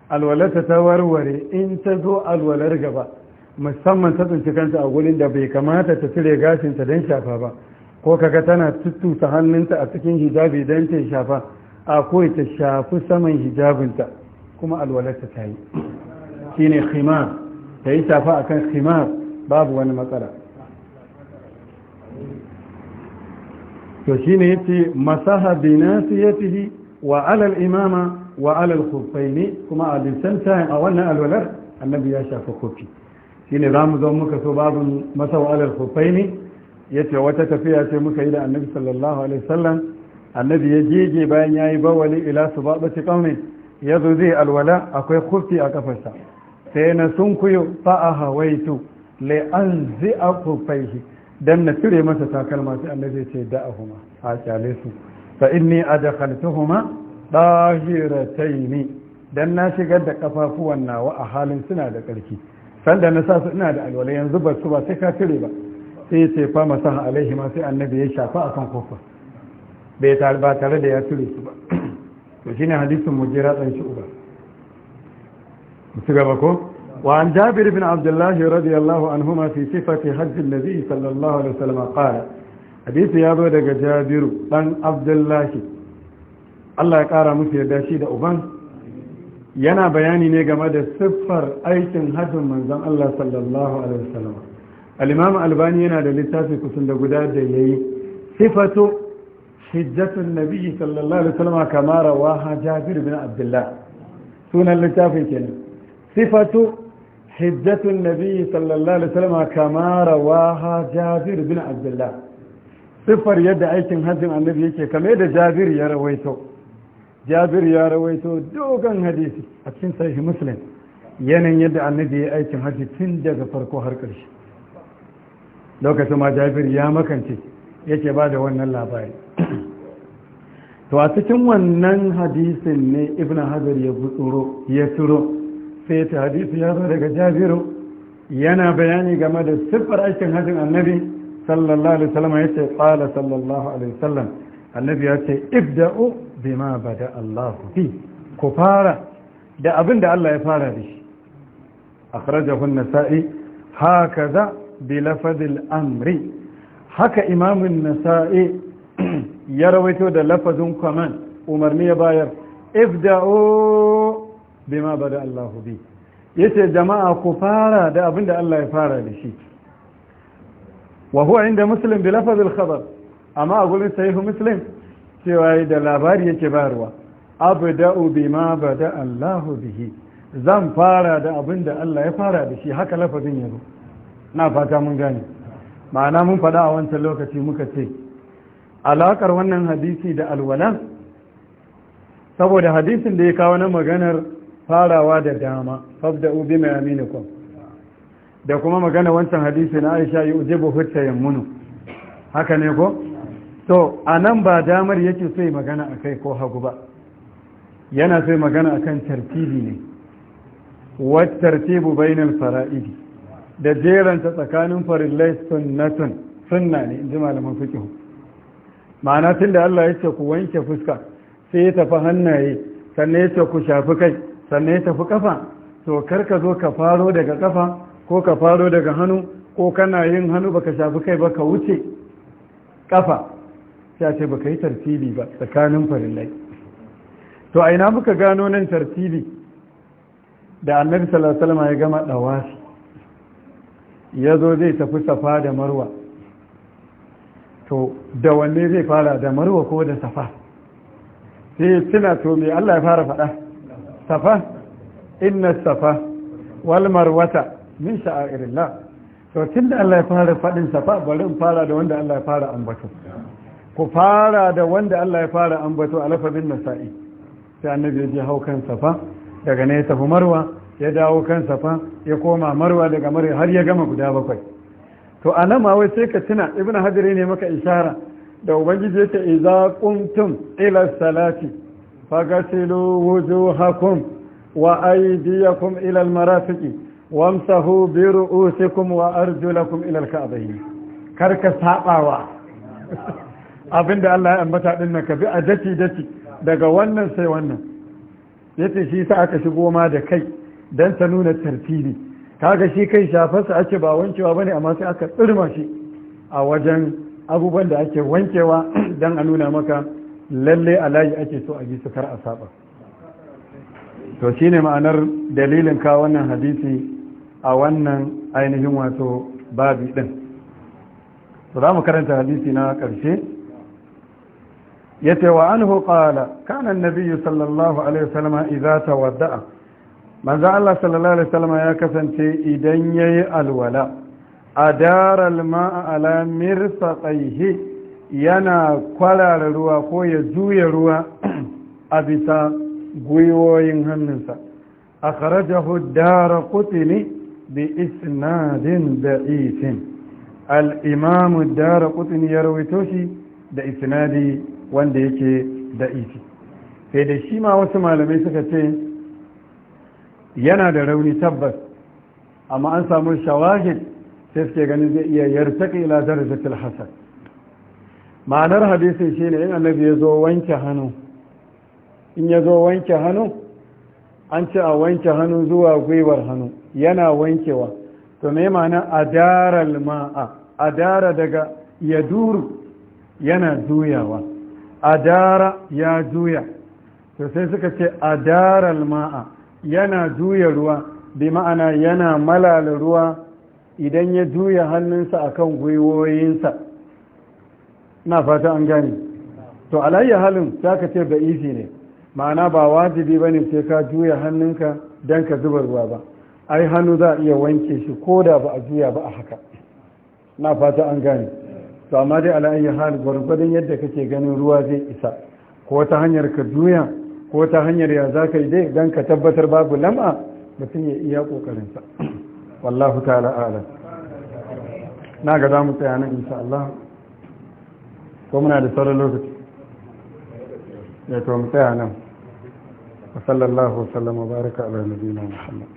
alwalarta ta warware in ta zo alwalar gaba musamman ta tsinci kanta a wurin da bai kamata ta cire gashinta don shafa ba ko kaga tana tutusa hannunta a cikin hijabi don ta shafa a kawai ta shafi saman hijabinta kuma alwalarta ta yi shi ne khimar ta yi shafa a kan khimar babu wani matsala to shi shine yace masaha bi nasiyatihi wa ala al-imama wa ala al-khuffaini kuma a dinsan a wannan alwalar annabi ya shafa kofi Shi shine zamu zo muka so babu masa wa ala al-khuffaini yace wata tafiya ce muka yi da annabi sallallahu alaihi wasallam annabi ya jeje bayan ya yayi bawali ila subabati Ya zo zai alwala akwai kofi a kafarsa sai na sunkuyo fa ahawaitu li anzi akufaihi dan na cire masa takalma sai annabi ce da'ahuma a kyale su fa inni adkhaltuhuma dahiratayn dan na shigar da kafafuwan nawa a halin suna da karki da na sa su ina da alwala yanzu ba su ba sai ka cire ba sai ce fa masaha alaihi ma sai annabi ya shafa akan kofa bai tare ba tare da ya cire su ba to shine hadisin mujira dan shi uba su gaba ko وعن جابر بن عبد الله رضي الله عنهما في صفة حج النبي صلى الله عليه وسلم قال حديث يا بودك جابر بن عبد الله Allah ya ƙara musu yarda shi da uban yana bayani ne game da siffar aikin hajjin manzon Allah sallallahu alaihi wasallam al-Imam Albani yana da littafi kusan da guda da yayi sifatu hijjatun nabi sallallahu alaihi wasallam kama rawaha Jabir bin Abdullah sunan littafin kenan sifatu حجة النبي صلى الله عليه وسلم كما رواها جابر بن عبد الله صفر يد aikin hajjin annabi yake kamar da jabir ya rawaito jabir ya rawaito dogon hadisi a cikin sahih muslim yanayin yadda annabi ya aikin hajji tun daga farko har ƙarshe lokacin ma jabir ya makance yake ba da wannan labari to a cikin wannan hadisin ne ibn hajar ya tsoro ya sai ta hadisi ya zo daga jabiru yana bayani game da siffar aikin hajjin annabi sallallahu alaihi wasallam ya ce qala sallallahu alaihi wasallam annabi ya ce ibda'u bima bada Allah fi ku fara da abin da Allah ya fara da shi akhrajahu an-nasa'i hakaza bi lafazil amri haka an nasa'i ya rawaito da lafazin kwaman umarni ya bayar ibda'u ma bada Allah bi yace jama'a ku fara da abin da Allah ya fara da shi wa huwa inda muslim bi lafaz al khabar amma a gurin sahihu muslim cewa da labari yake bayarwa abda'u bima bada Allah bihi zan fara da abin da Allah ya fara da shi haka lafazin ya na fata mun gane ma'ana mun faɗa a wancan lokaci muka ce Alakar wannan hadisi da alwala saboda hadisin da ya kawo na maganar farawa da dama fabda'u bima yaminikum da kuma magana wancan hadisi na Aisha yujibu hutta yammunu haka ne ko to anan ba damar yake so yi magana akai ko hagu ba yana so magana akan tartibi ne wa tartibu bainal fara'idi da jeranta tsakanin farillai sunnatun sunna ne in ji malaman fiqh ma'ana tunda Allah ya ce ku wanke fuska sai ya tafi hannaye sannan ya ce ku shafi kai sannan ya tafi kafa to kar ka zo ka faro daga kafa ko ka faro daga hannu ko kana yin hannu baka shafi kai ba ka wuce kafa ya ce baka yi tartibi ba tsakanin farillai to a ina muka gano nan tartibi da annabi sallallahu alaihi wasallam ya gama dawafi ya zo zai tafi safa da marwa to da wanne zai fara da marwa ko da safa sai suna to me Allah ya fara faɗa safa inna safa wal marwata min sha'airillah to tunda Allah ya fara fadin safa bari in fara da wanda Allah ya fara ambato ku fara da wanda Allah ya fara ambato a lafabin nasa'i sai annabi ya je haukan safa daga ne ya marwa ya dawo kan safa ya koma marwa daga marwa har ya gama guda bakwai to a nan ma wai sai ka tuna ibnu hajri ne maka ishara da ubangiji yake idza qumtum ila salati فغسلوا وجوهكم وأيديكم إلى المرافق وامسحوا برؤوسكم وأرجلكم إلى الكعبين كرك ساقاوا abin da Allah ya ambata din nan ka bi a daci daci daga wannan sai wannan yace shi sa aka shigo ma da kai dan ta nuna tartibi kaga shi kai shafarsa ake ba wankewa ba ne amma sai aka tsirma a wajen abubuwan da ake wankewa dan a nuna maka lalle alaji ake so a ji su kar a saba to shine ma'anar dalilin ka wannan hadisi a wannan ainihin wato babi din to za mu karanta hadisi na ƙarshe ya ce wa an hukala kanan nabiyu sallallahu alaihi wasallama idza tawadda'a manzo Allah sallallahu alaihi wasallama ya kasance idan yayi alwala A adara alma'a ala mirsaqaihi yana kwarara ruwa ko ya juya ruwa a bisa gwiwoyin hannunsa a kharajahu dara kutini bi isnadin da isin al'imamu dara kutini ya rawaito shi da isnadi wanda yake da isi sai da shi ma wasu malamai suka ce yana da rauni tabbas amma an samu shawahid sai suke ganin zai iya yartaka ila darajatul hasan ma'anar hadisi shine in annabi ya zo wanke hannu in ya zo wanke hannu an ce a wanke hannu zuwa gwiwar hannu yana wankewa to me ma'ana adara ma'a adara daga ya duru yana juyawa adara ya juya to sai suka ce adarar ma'a yana juya ruwa bi ma'ana yana malala ruwa idan ya juya hannunsa akan gwiwoyinsa na fata an gane to alayya halin za ka ce da isi ne ma'ana ba wajibi ba ne sai ka juya hannunka don ka zuba ruwa ba ai hannu za iya wanke shi ko da ba a juya ba a haka na fata an gane to amma dai alayya halin gwargwadon yadda kake ganin ruwa zai isa ko ta hanyar ka juya ko ta hanyar ya za ka yi dai don ka tabbatar babu lam'a mutum ya iya ƙoƙarinsa wallahu ta'ala alam na ga za mu tsaya nan insha Allah ko muna da sauran lokaci ya to mu tsaya nan wa sallallahu wa sallama baraka ala nabiyina muhammad